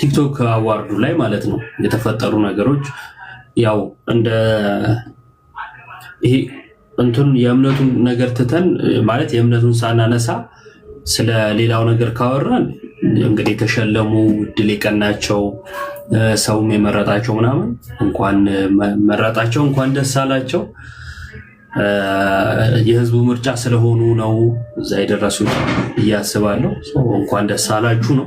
ቲክቶክ አዋርዱ ላይ ማለት ነው የተፈጠሩ ነገሮች ያው እንደ ይሄ እንትን የእምነቱን ነገር ትተን ማለት የእምነቱን ሳናነሳ ስለ ሌላው ነገር ካወራን እንግዲህ የተሸለሙ ድል የቀናቸው ሰውም የመረጣቸው ምናምን እንኳን መረጣቸው እንኳን ደስ አላቸው የህዝቡ ምርጫ ስለሆኑ ነው እዛ የደረሱት እያስባለሁ። እንኳን ደስ አላችሁ ነው።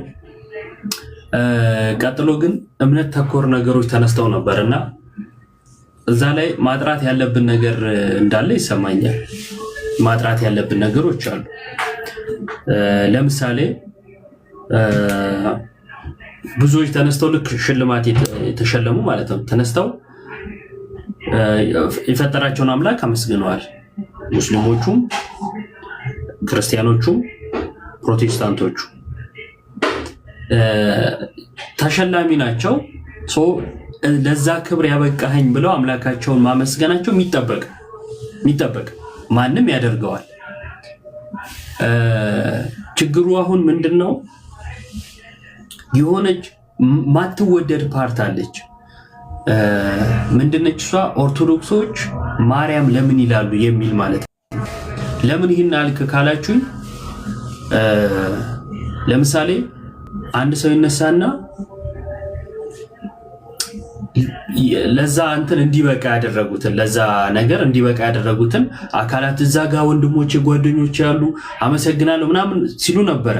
ቀጥሎ ግን እምነት ተኮር ነገሮች ተነስተው ነበር እና እዛ ላይ ማጥራት ያለብን ነገር እንዳለ ይሰማኛል። ማጥራት ያለብን ነገሮች አሉ። ለምሳሌ ብዙዎች ተነስተው ልክ ሽልማት የተሸለሙ ማለት ነው ተነስተው የፈጠራቸውን አምላክ አመስግነዋል። ሙስሊሞቹም ክርስቲያኖቹም ፕሮቴስታንቶቹ ተሸላሚ ናቸው። ለዛ ክብር ያበቃኸኝ ብለው አምላካቸውን ማመስገናቸው የሚጠበቅ ማንም ያደርገዋል። ችግሩ አሁን ምንድን ነው? የሆነች ማትወደድ ፓርት አለች። ምንድነች እሷ? ኦርቶዶክሶች ማርያም ለምን ይላሉ የሚል ማለት ነው። ለምን ይህን አልክ ካላችሁኝ፣ ለምሳሌ አንድ ሰው ይነሳና ለዛ እንትን እንዲበቃ ያደረጉትን ለዛ ነገር እንዲበቃ ያደረጉትን አካላት እዛ ጋር ወንድሞች ጓደኞች ያሉ አመሰግናለሁ ምናምን ሲሉ ነበረ።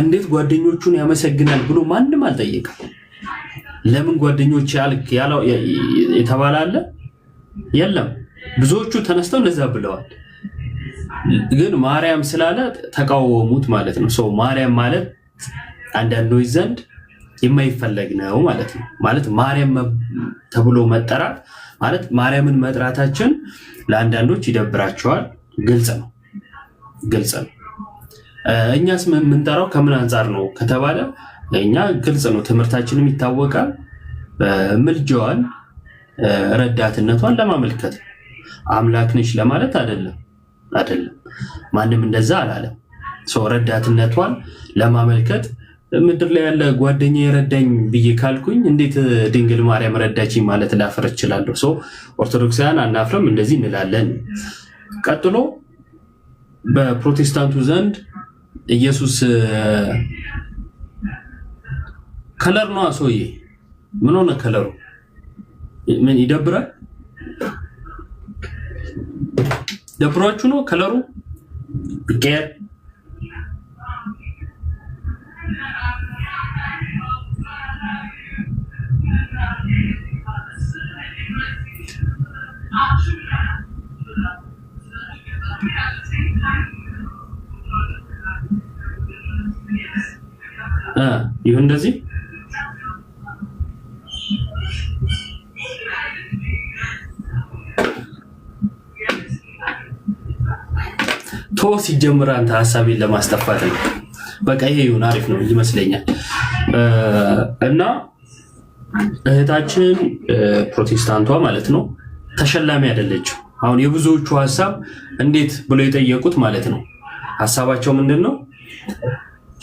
እንዴት ጓደኞቹን ያመሰግናል ብሎ ማንም አልጠየቀም። ለምን ጓደኞች የተባለ አለ? የለም። ብዙዎቹ ተነስተው እንደዛ ብለዋል። ግን ማርያም ስላለ ተቃወሙት ማለት ነው። ሰው ማርያም ማለት አንዳንዶች ዘንድ የማይፈለግ ነው ማለት ነው። ማለት ማርያም ተብሎ መጠራት ማለት ማርያምን መጥራታችን ለአንዳንዶች ይደብራቸዋል። ግልጽ ነው፣ ግልጽ ነው። እኛስ የምንጠራው ከምን አንጻር ነው ከተባለ እኛ ግልጽ ነው፣ ትምህርታችንም ይታወቃል። ምልጃዋን ረዳትነቷን ለማመልከት አምላክ ነች ለማለት አይደለም፣ አይደለም። ማንም እንደዛ አላለም። ሰው ረዳትነቷን ለማመልከት ምድር ላይ ያለ ጓደኛ የረዳኝ ብዬ ካልኩኝ እንዴት ድንግል ማርያም ረዳችኝ ማለት ላፍር እችላለሁ? ሰው ኦርቶዶክሳውያን አናፍርም፣ እንደዚህ እንላለን። ቀጥሎ በፕሮቴስታንቱ ዘንድ ኢየሱስ ከለር ነው። ሰውዬ ምን ሆነ? ከለሩ ምን ይደብራል? ደብሯችሁ ነው ከለሩ ቄር ይሁን እንደዚህ ቶ ሲጀምር አንተ ሀሳቤን ለማስጠፋት ነው። በቃ ይሄ ይሁን አሪፍ ነው ይመስለኛል። እና እህታችን ፕሮቴስታንቷ ማለት ነው ተሸላሚ አይደለችው። አሁን የብዙዎቹ ሀሳብ እንዴት ብሎ የጠየቁት ማለት ነው። ሀሳባቸው ምንድን ነው?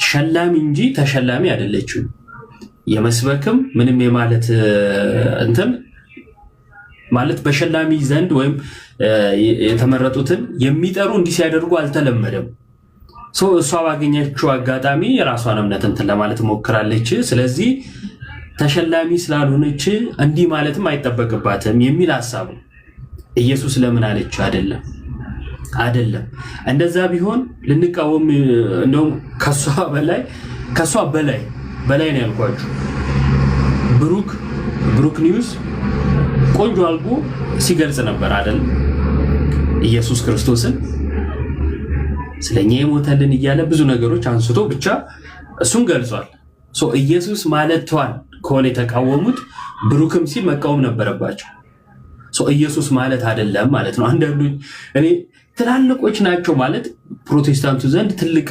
ሸላሚ እንጂ ተሸላሚ አይደለችው። የመስበክም ምንም የማለት እንትን ማለት በሸላሚ ዘንድ ወይም የተመረጡትን የሚጠሩ እንዲህ ሲያደርጉ አልተለመደም። እሷ ባገኘችው አጋጣሚ የራሷን እምነት እንትን ለማለት ሞክራለች። ስለዚህ ተሸላሚ ስላልሆነች እንዲህ ማለትም አይጠበቅባትም የሚል ሀሳብ ነው። ኢየሱስ ለምን አለችው? አይደለም አይደለም። እንደዛ ቢሆን ልንቃወም እንደውም ከሷ በላይ ከሷ በላይ በላይ ነው ያልኳችሁ። ብሩክ ብሩክ ኒውስ ቆንጆ አልጎ ሲገልጽ ነበር አይደል? ኢየሱስ ክርስቶስን ስለኛ የሞተልን እያለ ብዙ ነገሮች አንስቶ ብቻ እሱን ገልጿል። ኢየሱስ ማለቷን ከሆነ የተቃወሙት ብሩክም ሲል መቃወም ነበረባቸው። ኢየሱስ ማለት አይደለም ማለት ነው። አንዳንዱ እኔ ትላልቆች ናቸው ማለት ፕሮቴስታንቱ ዘንድ ትልቅ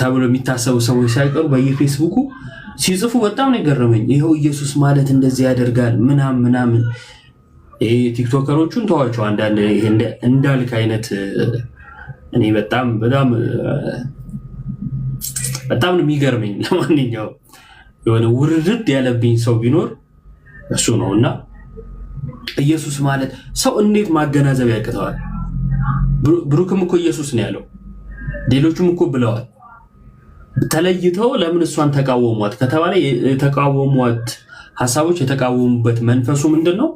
ተብሎ የሚታሰቡ ሰዎች ሳይቀሩ በየፌስቡኩ ሲጽፉ በጣም ነው የገረመኝ። ይኸው ኢየሱስ ማለት እንደዚህ ያደርጋል ምናም ምናምን። ይሄ ቲክቶከሮቹን ተዋቸው። አንዳንድ እንዳልክ አይነት እኔ በጣም በጣም በጣም ነው የሚገርመኝ። ለማንኛውም የሆነ ውርርድ ያለብኝ ሰው ቢኖር እሱ ነው እና ኢየሱስ ማለት ሰው እንዴት ማገናዘብ ያቅተዋል? ብሩክም እኮ ኢየሱስ ነው ያለው፣ ሌሎቹም እኮ ብለዋል። ተለይተው ለምን እሷን ተቃወሟት ከተባለ የተቃወሟት ሀሳቦች የተቃወሙበት መንፈሱ ምንድን ነው?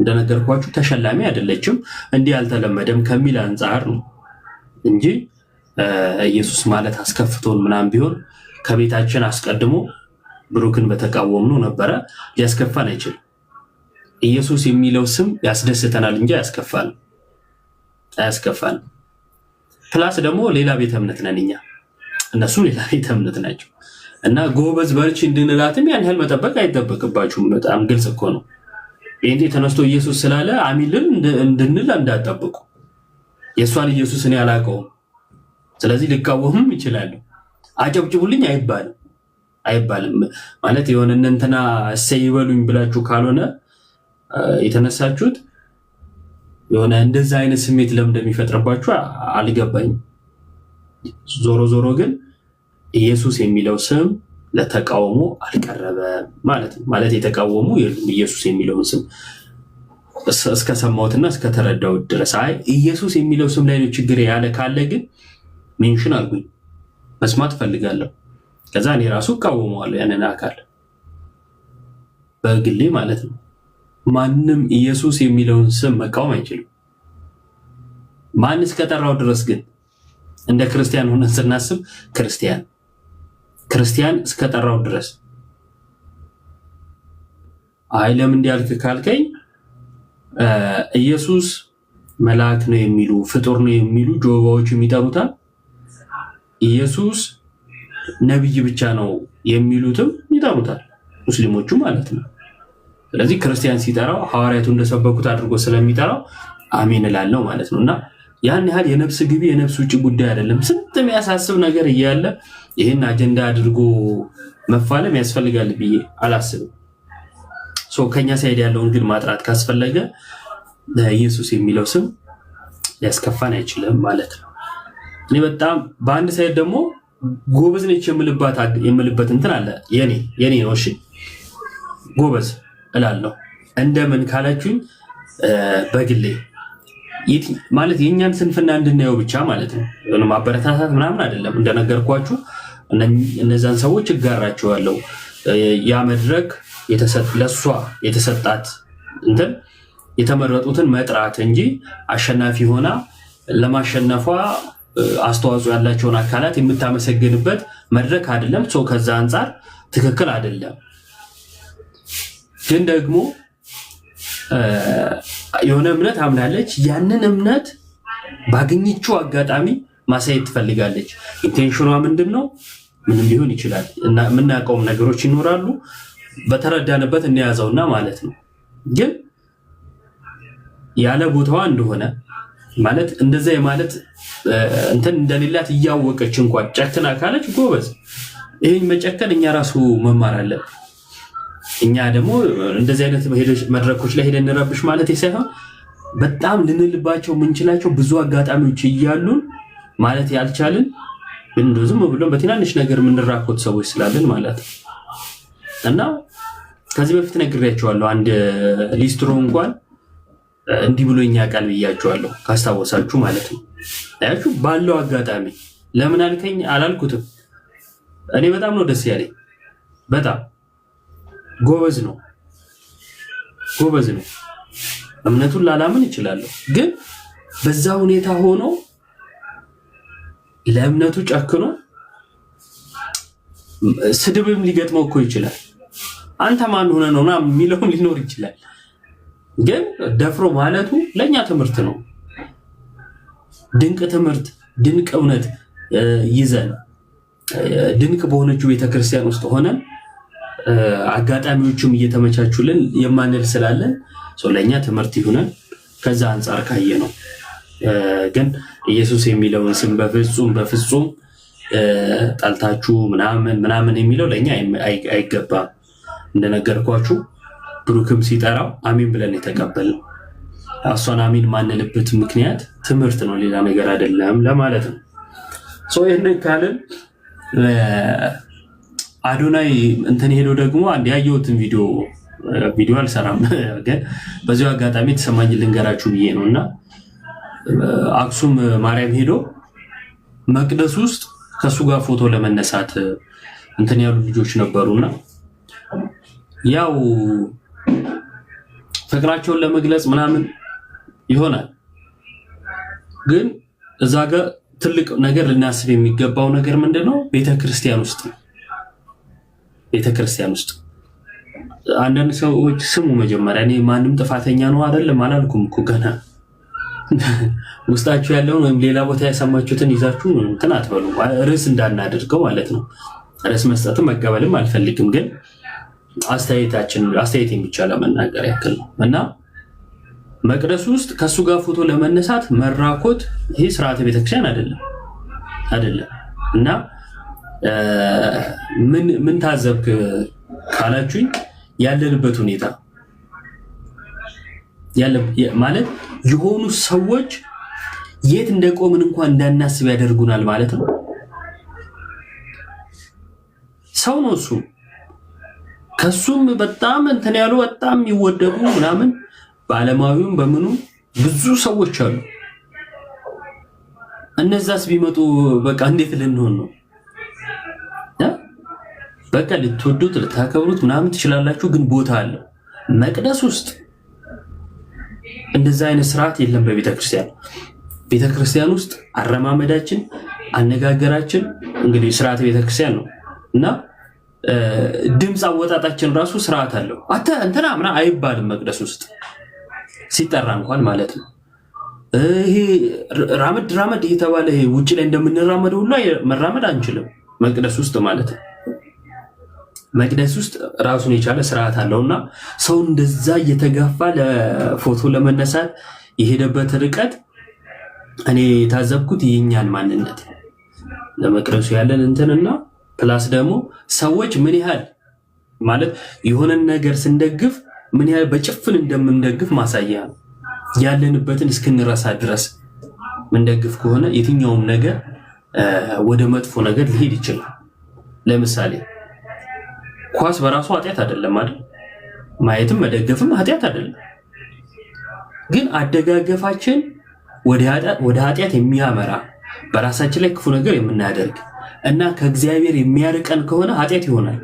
እንደነገርኳችሁ ተሸላሚ አይደለችም፣ እንዲህ አልተለመደም ከሚል አንጻር ነው እንጂ ኢየሱስ ማለት አስከፍቶን ምናምን ቢሆን ከቤታችን አስቀድሞ ብሩክን በተቃወምነው ነበረ። ሊያስከፋን አይችልም። ኢየሱስ የሚለው ስም ያስደስተናል እንጂ አያስከፋል አያስከፋል። ፕላስ ደግሞ ሌላ ቤተ እምነት ነን እኛ፣ እነሱ ሌላ ቤተ እምነት ናቸው። እና ጎበዝ በርች እንድንላትም ያን ያህል መጠበቅ አይጠበቅባችሁም። በጣም ግልጽ እኮ ነው። ጴንጤ ተነስቶ ኢየሱስ ስላለ አሚልን እንድንል እንዳጠብቁ። የእሷን ኢየሱስ እኔ አላውቀውም፣ ስለዚህ ሊቃወምም ይችላሉ። አጨብጭቡልኝ አይባልም አይባልም ማለት የሆነ እነንትና እሰይ ይበሉኝ ብላችሁ ካልሆነ የተነሳችሁት የሆነ እንደዚ አይነት ስሜት ለምን እንደሚፈጥርባችሁ አልገባኝም። ዞሮ ዞሮ ግን ኢየሱስ የሚለው ስም ለተቃውሞ አልቀረበም ማለት ነው። ማለት የተቃወሙ ኢየሱስ የሚለውን ስም እስከሰማሁትና እስከተረዳሁት ድረስ አይ ኢየሱስ የሚለው ስም ላይ ነው ችግር ያለ ካለ ግን ሜንሽን አድርጉኝ፣ መስማት ፈልጋለሁ። ከዛ እኔ ራሱ እቃወመዋለሁ ያንን አካል በግሌ ማለት ነው። ማንም ኢየሱስ የሚለውን ስም መቃወም አይችልም። ማን እስከጠራው ድረስ ግን እንደ ክርስቲያን ሆነን ስናስብ ክርስቲያን ክርስቲያን እስከጠራው ድረስ አይ ለምን እንዲያልክ ካልከኝ ኢየሱስ መልአክ ነው የሚሉ ፍጡር ነው የሚሉ ጆባዎች የሚጠሩታል። ኢየሱስ ነቢይ ብቻ ነው የሚሉትም ይጠሩታል፣ ሙስሊሞቹ ማለት ነው። ስለዚህ ክርስቲያን ሲጠራው ሐዋርያቱ እንደሰበኩት አድርጎ ስለሚጠራው አሜን እላለሁ ማለት ነው እና ያን ያህል የነፍስ ግቢ የነፍስ ውጭ ጉዳይ አይደለም። ስንት የሚያሳስብ ነገር እያለ ይህን አጀንዳ አድርጎ መፋለም ያስፈልጋል ብዬ አላስብም። ከኛ ሳይድ ያለውን ግን ማጥራት ካስፈለገ ኢየሱስ የሚለው ስም ሊያስከፋን አይችልም ማለት ነው። እኔ በጣም በአንድ ሳይድ ደግሞ ጎበዝ ነች የምልበት እንትን አለ የኔ የኔ ነው። እሺ ጎበዝ እላለሁ። እንደምን ካላችሁኝ በግሌ ማለት የእኛን ስንፍና እንድናየው ብቻ ማለት ነው። ማበረታታት ምናምን አይደለም። እንደነገርኳችሁ እነዛን ሰዎች እጋራቸዋለሁ። ያ መድረክ ለእሷ የተሰጣት እንትን የተመረጡትን መጥራት እንጂ አሸናፊ ሆና ለማሸነፏ አስተዋጽኦ ያላቸውን አካላት የምታመሰግንበት መድረክ አይደለም። ሰው ከዛ አንጻር ትክክል አይደለም። ግን ደግሞ የሆነ እምነት አምናለች። ያንን እምነት ባገኘችው አጋጣሚ ማሳየት ትፈልጋለች። ኢንቴንሽኗ ምንድን ነው? ምንም ሊሆን ይችላል። የምናውቀውም ነገሮች ይኖራሉ። በተረዳንበት እንያዘውና ማለት ነው። ግን ያለ ቦታዋ እንደሆነ ማለት እንደዛ የማለት እንትን እንደሌላት እያወቀች እንኳን ጨክና ካለች ጎበዝ፣ ይህን መጨከን እኛ ራሱ መማር አለብን። እኛ ደግሞ እንደዚህ አይነት መድረኮች ላይ ሄደን እንረብሽ ማለት ሳይሆን በጣም ልንልባቸው የምንችላቸው ብዙ አጋጣሚዎች እያሉን ማለት ያልቻልን እንደው ዝም ብሎ በትናንሽ ነገር የምንራኮት ሰዎች ስላለን ማለት እና ከዚህ በፊት ነግሬያቸዋለሁ። አንድ ሊስትሮ እንኳን እንዲህ እኛ ቃል ብያቸዋለሁ፣ ካስታወሳችሁ ማለት ነው። አያችሁ ባለው አጋጣሚ ለምን አልከኝ አላልኩትም። እኔ በጣም ነው ደስ ያለኝ በጣም ጎበዝ ነው ጎበዝ ነው። እምነቱን ላላምን ይችላለሁ፣ ግን በዛ ሁኔታ ሆኖ ለእምነቱ ጨክኖ ስድብም ሊገጥመው እኮ ይችላል። አንተ ማን ሆነ ነው የሚለውም ሊኖር ይችላል። ግን ደፍሮ ማለቱ ለእኛ ትምህርት ነው። ድንቅ ትምህርት፣ ድንቅ እውነት ይዘን ድንቅ በሆነችው ቤተክርስቲያን ውስጥ ሆነን አጋጣሚዎቹም እየተመቻቹልን የማንል ስላለ ለእኛ ትምህርት ይሆናል። ከዛ አንጻር ካየ ነው። ግን ኢየሱስ የሚለውን ስም በፍጹም በፍጹም ጠልታችሁ ምናምን ምናምን የሚለው ለእኛ አይገባም። እንደነገርኳችሁ ብሩክም ሲጠራው አሚን ብለን የተቀበልነው እሷን አሚን ማንልበት ምክንያት ትምህርት ነው፣ ሌላ ነገር አይደለም ለማለት ነው። ይህንን ካልን አዶናይ እንትን ሄዶ ደግሞ አንድ ያየሁትን ቪዲዮ ቪዲዮ አልሰራም፣ ግን በዚሁ አጋጣሚ የተሰማኝ ልንገራችሁ ብዬ ነው እና አክሱም ማርያም ሄዶ መቅደስ ውስጥ ከእሱ ጋር ፎቶ ለመነሳት እንትን ያሉ ልጆች ነበሩ እና ያው ፍቅራቸውን ለመግለጽ ምናምን ይሆናል፣ ግን እዛ ጋር ትልቅ ነገር ልናስብ የሚገባው ነገር ምንድን ነው? ውስጥ ነው ቤተክርስቲያን ውስጥ አንዳንድ ሰዎች ስሙ መጀመሪያ እኔ ማንም ጥፋተኛ ነው አይደለም አላልኩም እኮ ገና ውስጣችሁ ያለውን ወይም ሌላ ቦታ ያሰማችሁትን ይዛችሁ እንትን አትበሉ ርዕስ እንዳናደርገው ማለት ነው ርዕስ መስጠትም መቀበልም አልፈልግም ግን አስተያየታችን አስተያየት የሚቻለ መናገር ያክል ነው እና መቅደሱ ውስጥ ከእሱ ጋር ፎቶ ለመነሳት መራኮት ይህ ስርዓተ ቤተክርስቲያን አይደለም አይደለም እና ምን ምን ታዘብክ ካላችሁኝ ያለንበት ሁኔታ ማለት የሆኑ ሰዎች የት እንደቆምን እንኳን እንዳናስብ ያደርጉናል ማለት ነው። ሰው ነው እሱ። ከሱም በጣም እንትን ያሉ በጣም የሚወደዱ ምናምን በዓለማዊውም በምኑ ብዙ ሰዎች አሉ። እነዛስ ቢመጡ በቃ እንዴት ልንሆን ነው? በቃ ልትወዱት ልታከብሩት ምናምን ትችላላችሁ፣ ግን ቦታ አለው። መቅደስ ውስጥ እንደዛ አይነት ስርዓት የለም። በቤተክርስቲያን ቤተክርስቲያን ውስጥ አረማመዳችን፣ አነጋገራችን እንግዲህ ስርዓት ቤተክርስቲያን ነው እና ድምፅ አወጣጣችን ራሱ ስርዓት አለው። እንትና ምና አይባልም መቅደስ ውስጥ ሲጠራ እንኳን ማለት ነው። ይሄ ራመድ ራመድ የተባለ ውጭ ላይ እንደምንራመደ ሁሉ መራመድ አንችልም መቅደስ ውስጥ ማለት ነው። መቅደስ ውስጥ ራሱን የቻለ ስርዓት አለው እና ሰው እንደዛ እየተጋፋ ለፎቶ ለመነሳት የሄደበት ርቀት እኔ የታዘብኩት የእኛን ማንነት ለመቅደሱ ያለን እንትንና ፕላስ ደግሞ ሰዎች ምን ያህል ማለት የሆነን ነገር ስንደግፍ ምን ያህል በጭፍን እንደምንደግፍ ማሳያ ነው። ያለንበትን እስክንረሳ ድረስ ምንደግፍ ከሆነ የትኛውም ነገር ወደ መጥፎ ነገር ሊሄድ ይችላል። ለምሳሌ ኳስ በራሱ ኃጢአት አይደለም አይደል? ማየትም መደገፍም ኃጢአት አይደለም። ግን አደጋገፋችን ወደ ኃጢአት የሚያመራ በራሳችን ላይ ክፉ ነገር የምናደርግ እና ከእግዚአብሔር የሚያርቀን ከሆነ ኃጢአት ይሆናል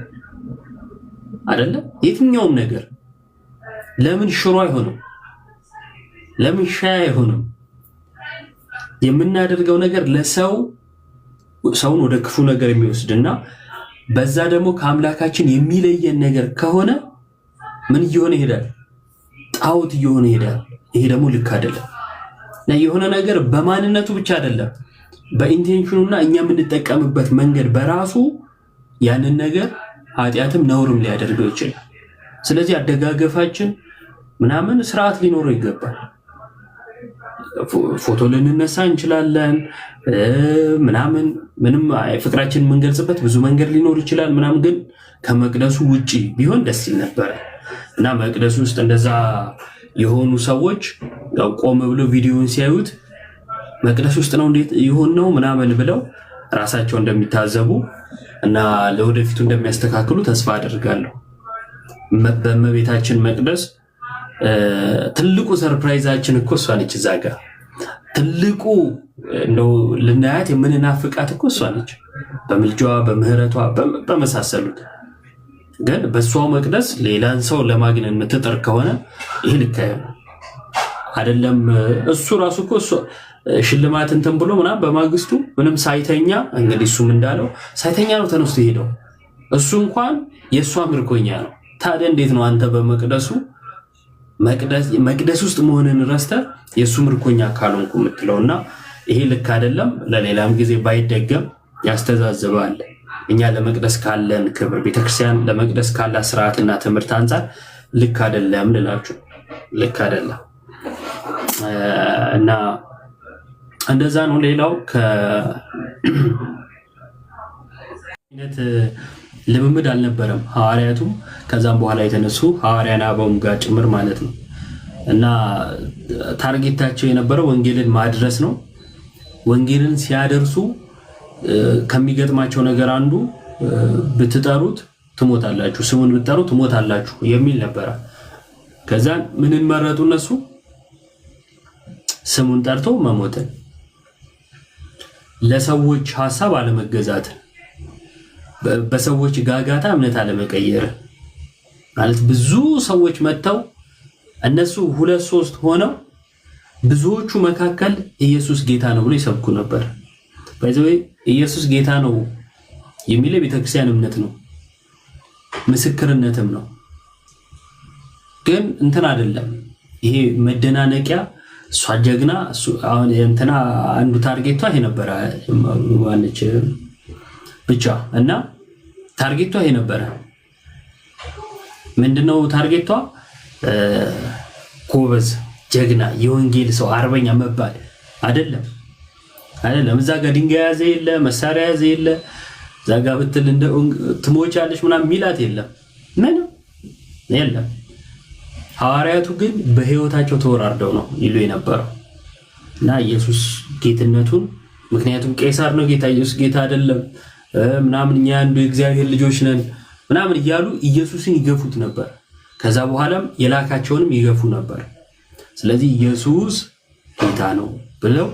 አይደለም? የትኛውም ነገር ለምን ሽሮ አይሆንም? ለምን ሻይ አይሆንም? የምናደርገው ነገር ለሰው ሰውን ወደ ክፉ ነገር የሚወስድና በዛ ደግሞ ከአምላካችን የሚለየን ነገር ከሆነ ምን እየሆነ ይሄዳል? ጣዖት እየሆነ ይሄዳል። ይሄ ደግሞ ልክ አይደለም። እና የሆነ ነገር በማንነቱ ብቻ አይደለም በኢንቴንሽኑና እኛ የምንጠቀምበት መንገድ በራሱ ያንን ነገር ኃጢአትም ነውርም ሊያደርገው ይችላል። ስለዚህ አደጋገፋችን ምናምን ስርዓት ሊኖረው ይገባል። ፎቶ ልንነሳ እንችላለን ምናምን ምንም ፍቅራችን የምንገልጽበት ብዙ መንገድ ሊኖር ይችላል ምናምን። ግን ከመቅደሱ ውጪ ቢሆን ደስ ይል ነበረ እና መቅደሱ ውስጥ እንደዛ የሆኑ ሰዎች ቆም ብሎ ቪዲዮን ሲያዩት መቅደስ ውስጥ ነው እንዴት ይሆን ነው ምናምን ብለው ራሳቸው እንደሚታዘቡ እና ለወደፊቱ እንደሚያስተካክሉ ተስፋ አድርጋለሁ። በእመቤታችን መቅደስ ትልቁ ሰርፕራይዛችን እኮ እሷ ነች። እዛ ጋር ትልቁ ልናያት የምንናፍቃት እኮ እሷ ነች። በምልጃዋ በምህረቷ በመሳሰሉት ግን በእሷው መቅደስ ሌላን ሰው ለማግነን የምትጥር ከሆነ ይህ ልክ አይደለም። እሱ ራሱ እኮ ሽልማት እንትን ብሎ ምናምን በማግስቱ ምንም ሳይተኛ እንግዲህ እሱም እንዳለው ሳይተኛ ነው ተነስቶ ሄደው። እሱ እንኳን የእሷ ምርኮኛ ነው። ታዲያ እንዴት ነው አንተ በመቅደሱ መቅደስ ውስጥ መሆንን ረስተ የእሱ ምርኮኛ ካልሆንኩ የምትለው እና ይሄ ልክ አይደለም። ለሌላም ጊዜ ባይደገም ያስተዛዝባል። እኛ ለመቅደስ ካለን ክብር፣ ቤተክርስቲያን ለመቅደስ ካላት ስርዓትና ትምህርት አንጻር ልክ አይደለም ልላችሁ ልክ አይደለም እና እንደዛ ነው። ሌላው ነት ልምምድ አልነበረም። ሐዋርያቱም ከዛም በኋላ የተነሱ ሐዋርያን አበውም ጋር ጭምር ማለት ነው እና ታርጌታቸው የነበረው ወንጌልን ማድረስ ነው። ወንጌልን ሲያደርሱ ከሚገጥማቸው ነገር አንዱ ብትጠሩት ትሞታላችሁ፣ ስሙን ብትጠሩት ትሞታላችሁ የሚል ነበረ። ከዛ ምንን መረጡ እነሱ? ስሙን ጠርቶ መሞትን፣ ለሰዎች ሀሳብ አለመገዛትን በሰዎች ጋጋታ እምነት አለመቀየር ማለት ብዙ ሰዎች መጥተው እነሱ ሁለት ሶስት ሆነው ብዙዎቹ መካከል ኢየሱስ ጌታ ነው ብሎ ይሰብኩ ነበር። ባይዘወይ ኢየሱስ ጌታ ነው የሚለው የቤተክርስቲያን እምነት ነው፣ ምስክርነትም ነው። ግን እንትን አይደለም ይሄ መደናነቂያ እሷ ጀግና እንትና አንዱ ታርጌቷ ይሄ ነበረ ማለች ብቻ እና ታርጌቷ ይሄ ነበረ። ምንድነው ታርጌቷ? ጎበዝ፣ ጀግና፣ የወንጌል ሰው አርበኛ መባል አይደለም አይደለም። እዛ ጋር ድንጋይ ያዘ የለ መሳሪያ ያዘ የለ እዛ ጋር ብትል እንደ ትሞቻለሽ ምናምን ሚላት የለም ምንም የለም። ሐዋርያቱ ግን በህይወታቸው ተወራርደው ነው ይሉ የነበረው እና ኢየሱስ ጌትነቱን ምክንያቱም ቄሳር ነው ጌታ ኢየሱስ ጌታ አይደለም ምናምን እኛ አንዱ የእግዚአብሔር ልጆች ነን ምናምን እያሉ ኢየሱስን ይገፉት ነበር። ከዛ በኋላም የላካቸውንም ይገፉ ነበር። ስለዚህ ኢየሱስ ጌታ ነው ብለው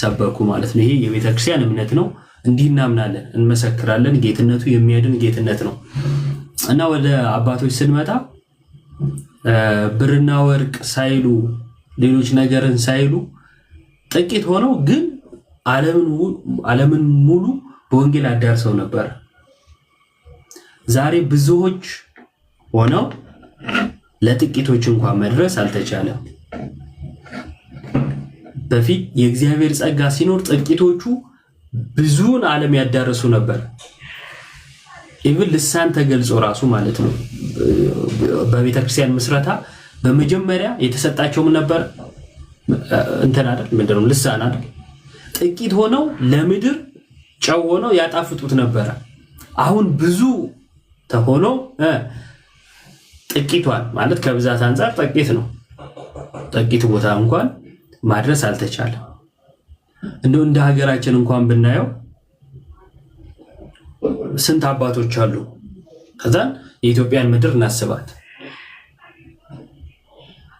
ሰበኩ ማለት ነው። ይሄ የቤተክርስቲያን እምነት ነው። እንዲህ እናምናለን፣ እንመሰክራለን። ጌትነቱ የሚያድን ጌትነት ነው እና ወደ አባቶች ስንመጣ ብርና ወርቅ ሳይሉ ሌሎች ነገርን ሳይሉ ጥቂት ሆነው ግን ዓለምን ሙሉ በወንጌል አዳርሰው ነበር። ዛሬ ብዙዎች ሆነው ለጥቂቶች እንኳን መድረስ አልተቻለም። በፊት የእግዚአብሔር ጸጋ ሲኖር ጥቂቶቹ ብዙውን ዓለም ያዳረሱ ነበር። ኢቭን ልሳን ተገልጾ ራሱ ማለት ነው። በቤተክርስቲያን ምስረታ በመጀመሪያ የተሰጣቸውም ነበር እንትን አይደል ምንድነው ልሳን አይደል ጥቂት ሆነው ለምድር ጨው ሆነው ያጣፍጡት ነበረ። አሁን ብዙ ተሆኖ ጥቂቷን ማለት ከብዛት አንጻር ጥቂት ነው። ጥቂት ቦታ እንኳን ማድረስ አልተቻለም። እንደው እንደ ሀገራችን እንኳን ብናየው ስንት አባቶች አሉ። ከዛን የኢትዮጵያን ምድር እናስባት።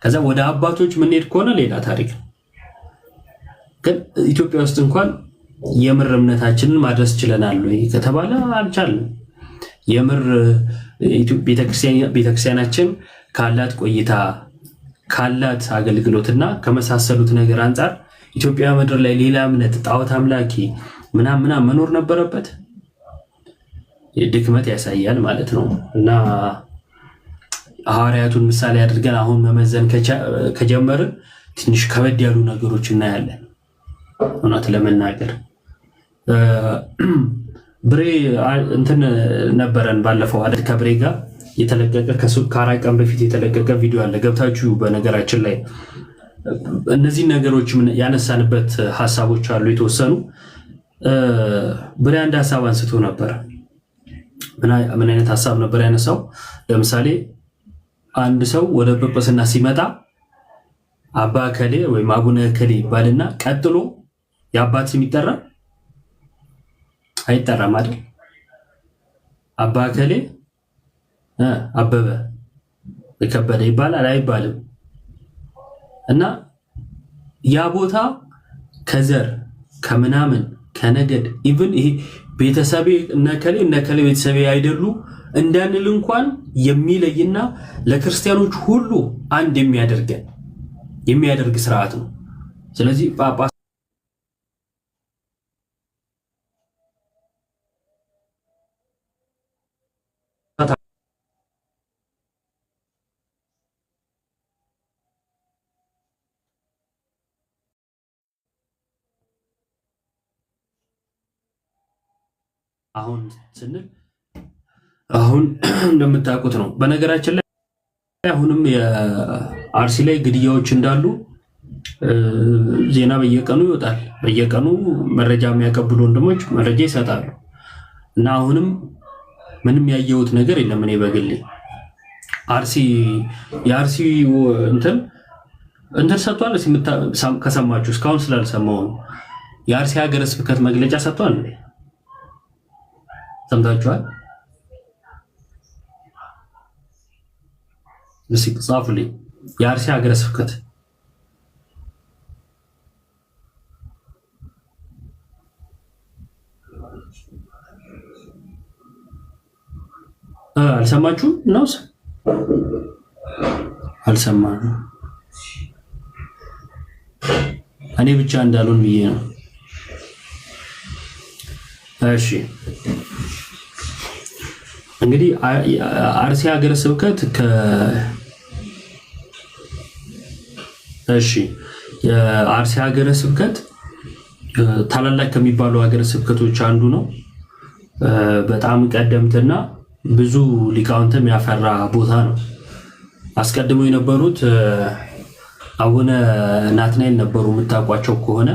ከዛ ወደ አባቶች ምንሄድ ከሆነ ሌላ ታሪክ ነው። ግን ኢትዮጵያ ውስጥ እንኳን የምር እምነታችንን ማድረስ ችለናል ወይ ከተባለ አልቻልንም። የምር ቤተክርስቲያናችን ካላት ቆይታ ካላት አገልግሎትና ከመሳሰሉት ነገር አንጻር ኢትዮጵያ ምድር ላይ ሌላ እምነት ጣዖት አምላኪ ምናም ምናም መኖር ነበረበት። ድክመት ያሳያል ማለት ነው እና ሐዋርያቱን ምሳሌ አድርገን አሁን መመዘን ከጀመርን ትንሽ ከበድ ያሉ ነገሮች እናያለን እውነት ለመናገር ብሬ እንትን ነበረን ባለፈው አደ ከብሬ ጋር የተለቀቀ ከአራት ቀን በፊት የተለቀቀ ቪዲዮ አለ ገብታችሁ በነገራችን ላይ እነዚህን ነገሮች ያነሳንበት ሀሳቦች አሉ የተወሰኑ ብሬ አንድ ሀሳብ አንስቶ ነበር። ምን አይነት ሀሳብ ነበር ያነሳው ለምሳሌ አንድ ሰው ወደ ጵጵስና ሲመጣ አባ ወይም አቡነ ከሌ ይባልና ቀጥሎ የአባት ስም ይጠራል አይጠራም አይደል? አባ ከሌ አበበ የከበደ ይባላል አይባልም? እና ያ ቦታ ከዘር ከምናምን ከነገድ ኢቭን ይሄ ቤተሰቤ እነከሌ እነከሌ ቤተሰቤ አይደሉ እንዳንል እንኳን የሚለይና ለክርስቲያኖች ሁሉ አንድ የሚያደርገን የሚያደርግ ስርዓት ነው። ስለዚህ ጳጳስ አሁን ስንል አሁን እንደምታውቁት ነው። በነገራችን ላይ አሁንም የአርሲ ላይ ግድያዎች እንዳሉ ዜና በየቀኑ ይወጣል። በየቀኑ መረጃ የሚያቀብሉ ወንድሞች መረጃ ይሰጣሉ እና አሁንም ምንም ያየሁት ነገር የለም። እኔ በግሌ አርሲ የአርሲ እንትን እንትን ሰጥቷል። ከሰማችሁ እስካሁን ስላልሰማው ነው። የአርሲ ሀገረ ስብከት መግለጫ ሰጥቷል። ሰምታችኋል? እስኪ ጻፉልኝ። የአርሲ ሀገረ ስብከት አልሰማችሁም? ነውስ አልሰማ እኔ ብቻ እንዳልሆን ብዬ ነው። እሺ እንግዲህ አርሲ ሀገረ ስብከት ከ እሺ የአርሲ ሀገረ ስብከት ታላላቅ ከሚባሉ ሀገረ ስብከቶች አንዱ ነው። በጣም ቀደምትና ብዙ ሊቃውንትም ያፈራ ቦታ ነው። አስቀድሞ የነበሩት አቡነ ናትናኤል ነበሩ። የምታውቋቸው ከሆነ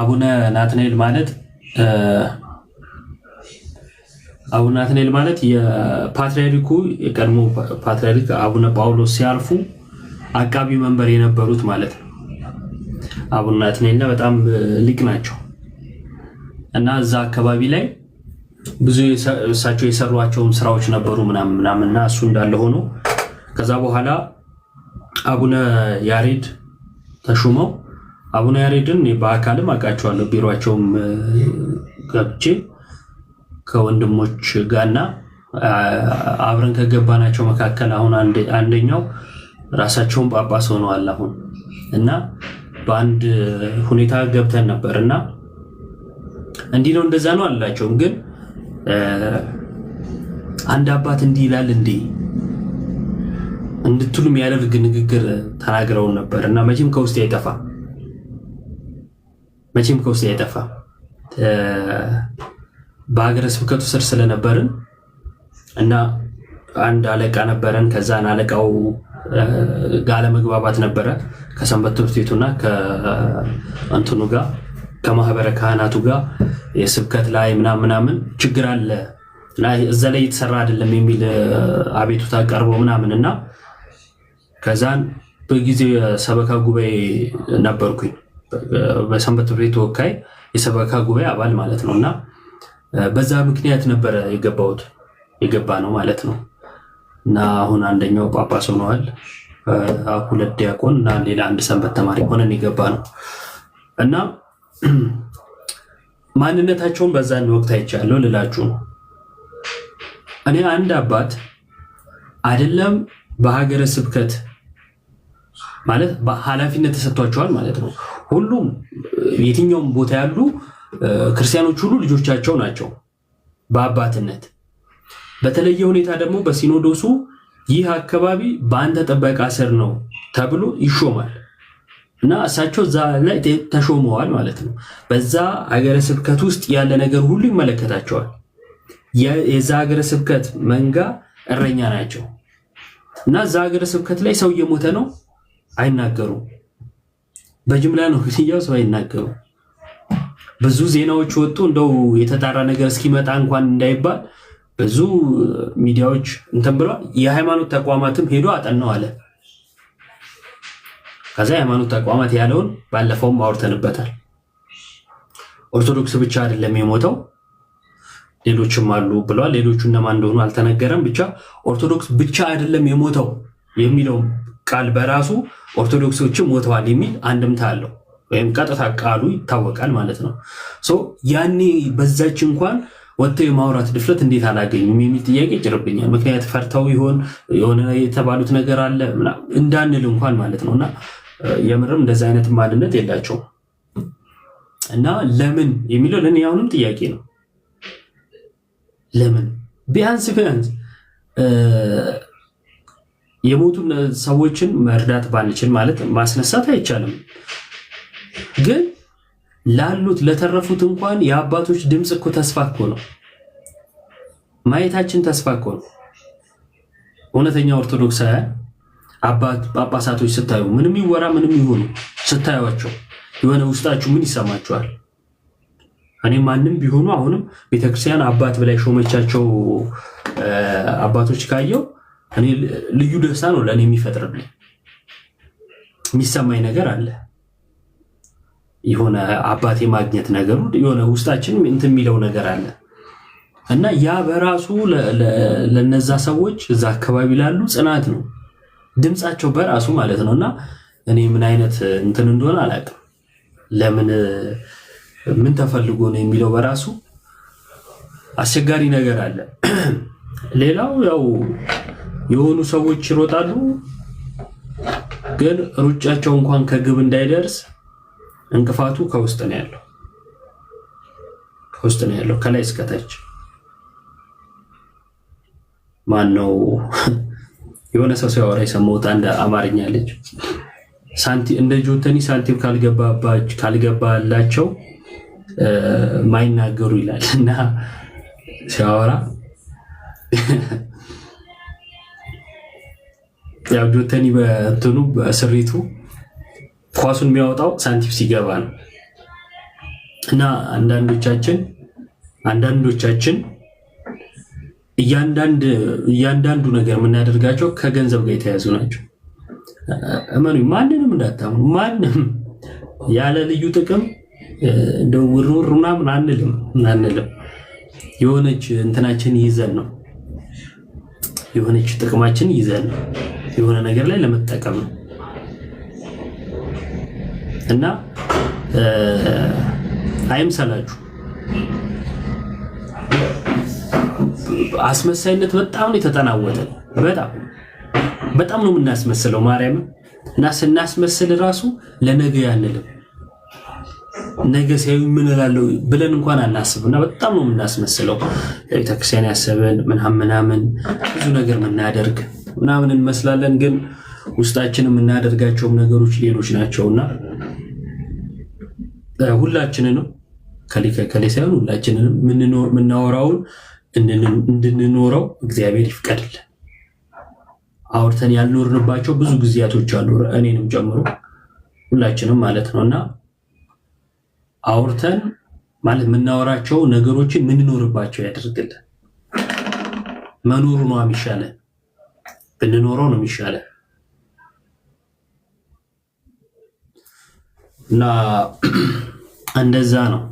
አቡነ ናትናኤል ማለት አቡነ አትናኤል ማለት የፓትሪያሪኩ የቀድሞ ፓትሪያሪክ አቡነ ጳውሎስ ሲያርፉ አቃቢ መንበር የነበሩት ማለት ነው። አቡነ አትናኤልና በጣም ሊቅ ናቸው እና እዛ አካባቢ ላይ ብዙ እሳቸው የሰሯቸውን ስራዎች ነበሩ ምናምን ምናምን እና እሱ እንዳለ ሆኖ ከዛ በኋላ አቡነ ያሬድ ተሹመው አቡነ ያሬድን በአካልም አውቃቸዋለሁ። ቢሮቸውም ገብቼ ከወንድሞች ጋርና አብረን ከገባናቸው መካከል አሁን አንደኛው ራሳቸውን ጳጳስ ሆነዋል። አሁን እና በአንድ ሁኔታ ገብተን ነበር እና እንዲህ ነው እንደዛ ነው አላቸውም። ግን አንድ አባት እንዲህ ይላል እንዲ እንድትሉም ያደርግ ንግግር ተናግረውን ነበር እና መቼም ከውስጥ አይጠፋ መቼም ከውስጥ አይጠፋ። በሀገረ ስብከቱ ስር ስለነበርን እና አንድ አለቃ ነበረን። ከዛን አለቃው ጋር አለመግባባት ነበረ ከሰንበት ትምህርት ቤቱና ከእንትኑ ጋር ከማህበረ ካህናቱ ጋር የስብከት ላይ ምናምን ምናምን ችግር አለ እዛ ላይ የተሰራ አይደለም የሚል አቤቱታ ቀርቦ ምናምን እና ከዛን በጊዜው የሰበካ ጉባኤ ነበርኩኝ በሰንበት ትምህርት ቤት ተወካይ የሰበካ ጉባኤ አባል ማለት ነው እና በዛ ምክንያት ነበረ የገባሁት የገባ ነው ማለት ነው እና አሁን አንደኛው ጳጳስ ሆነዋል፣ ሁለት ዲያቆን እና ሌላ አንድ ሰንበት ተማሪ ሆነን የገባ ነው እና ማንነታቸውን በዛን ወቅት አይቻለሁ ልላችሁ ነው። እኔ አንድ አባት አይደለም በሀገረ ስብከት ማለት ኃላፊነት ተሰጥቷቸዋል ማለት ነው ሁሉም የትኛውም ቦታ ያሉ ክርስቲያኖች ሁሉ ልጆቻቸው ናቸው በአባትነት። በተለየ ሁኔታ ደግሞ በሲኖዶሱ ይህ አካባቢ በአንተ ጥበቃ ስር ነው ተብሎ ይሾማል እና እሳቸው እዛ ላይ ተሾመዋል ማለት ነው። በዛ ሀገረ ስብከት ውስጥ ያለ ነገር ሁሉ ይመለከታቸዋል። የዛ ሀገረ ስብከት መንጋ እረኛ ናቸው እና እዛ ሀገረ ስብከት ላይ ሰው እየሞተ ነው፣ አይናገሩም። በጅምላ ነው ግድያው። ሰው አይናገሩ ብዙ ዜናዎች ወጡ። እንደው የተጣራ ነገር እስኪመጣ እንኳን እንዳይባል ብዙ ሚዲያዎች እንትን ብሏል። የሃይማኖት ተቋማትም ሄዶ አጠናው አለ። ከዛ የሃይማኖት ተቋማት ያለውን ባለፈውም አውርተንበታል። ኦርቶዶክስ ብቻ አይደለም የሞተው ሌሎችም አሉ ብለዋል። ሌሎቹ እነማን እንደሆኑ አልተነገረም። ብቻ ኦርቶዶክስ ብቻ አይደለም የሞተው የሚለው ቃል በራሱ ኦርቶዶክሶችም ሞተዋል የሚል አንድምታ አለው ወይም ቀጥታ ቃሉ ይታወቃል ማለት ነው። ያኔ በዛች እንኳን ወጥተው የማውራት ድፍረት እንዴት አላገኙም የሚል ጥያቄ ይጭርብኛል። ምክንያት ፈርተው ይሆን የሆነ የተባሉት ነገር አለ እንዳንል እንኳን ማለት ነው እና የምርም እንደዚ አይነት ማንነት የላቸውም እና ለምን የሚለው ለእኔ አሁንም ጥያቄ ነው። ለምን ቢያንስ ቢያንስ የሞቱ ሰዎችን መርዳት ባንችል ማለት ማስነሳት አይቻልም፣ ግን ላሉት ለተረፉት እንኳን የአባቶች ድምፅ እኮ ተስፋ እኮ ነው። ማየታችን ተስፋ እኮ ነው። እውነተኛ ኦርቶዶክሳውያን አባት ጳጳሳቶች ስታዩ ምንም ይወራ ምንም ይሆኑ ስታዩቸው የሆነ ውስጣችሁ ምን ይሰማችኋል? እኔ ማንም ቢሆኑ አሁንም ቤተክርስቲያን አባት ብላይ ሾመቻቸው አባቶች ካየው እኔ ልዩ ደስታ ነው ለእኔ የሚፈጥርልኝ። የሚሰማኝ ነገር አለ የሆነ አባቴ ማግኘት ነገሩ የሆነ ውስጣችን እንትን የሚለው ነገር አለ እና ያ በራሱ ለነዛ ሰዎች እዛ አካባቢ ላሉ ጽናት ነው፣ ድምፃቸው በራሱ ማለት ነው። እና እኔ ምን አይነት እንትን እንደሆነ አላውቅም። ለምን ምን ተፈልጎ ነው የሚለው በራሱ አስቸጋሪ ነገር አለ። ሌላው ያው የሆኑ ሰዎች ይሮጣሉ፣ ግን ሩጫቸው እንኳን ከግብ እንዳይደርስ እንቅፋቱ ከውስጥ ነው ያለው። ከውስጥ ነው ያለው ከላይ እስከታች። ማን ነው የሆነ ሰው ሲያወራ የሰማሁት አንድ አማርኛ ልጅ እንደ ጆተኒ ሳንቲም ካልገባላቸው ማይናገሩ ይላል እና ሲያወራ ያው ጆተኒ በእንትኑ በስሪቱ ኳሱን የሚያወጣው ሳንቲም ሲገባ ነው እና አንዳንዶቻችን አንዳንዶቻችን እያንዳንዱ ነገር የምናደርጋቸው ከገንዘብ ጋር የተያዙ ናቸው። እመኑ፣ ማንንም እንዳታምኑ። ማንም ያለ ልዩ ጥቅም እንደ ውርውር ምናምን አንልም አንልም። የሆነች እንትናችን ይዘን ነው የሆነች ጥቅማችን ይዘን ነው የሆነ ነገር ላይ ለመጠቀም ነው እና አይምሰላችሁ። አስመሳይነት በጣም ነው የተጠናወጠ። በጣም በጣም ነው የምናስመስለው ማርያም እና ስናስመስል ራሱ ለነገ ያንልም ነገ ሲያዩ ምን ብለን እንኳን አናስብ እና በጣም ነው የምናስመስለው። ቤተክርስቲያን ያሰበን ምናምን ምናምን ብዙ ነገር ምናደርግ ምናምን እንመስላለን፣ ግን ውስጣችን የምናደርጋቸውም ነገሮች ሌሎች ናቸውና ሁላችንንም ከሌ ሳይሆን ሁላችንንም የምናወራውን እንድንኖረው እግዚአብሔር ይፍቀድልን። አውርተን ያልኖርንባቸው ብዙ ጊዜያቶች አሉ፣ እኔንም ጨምሮ ሁላችንም ማለት ነው እና አውርተን ማለት የምናወራቸው ነገሮችን የምንኖርባቸው ያደርግልን። መኖሩ ነው የሚሻለን። ብንኖረው ነው የሚሻለ እና እንደዛ ነው።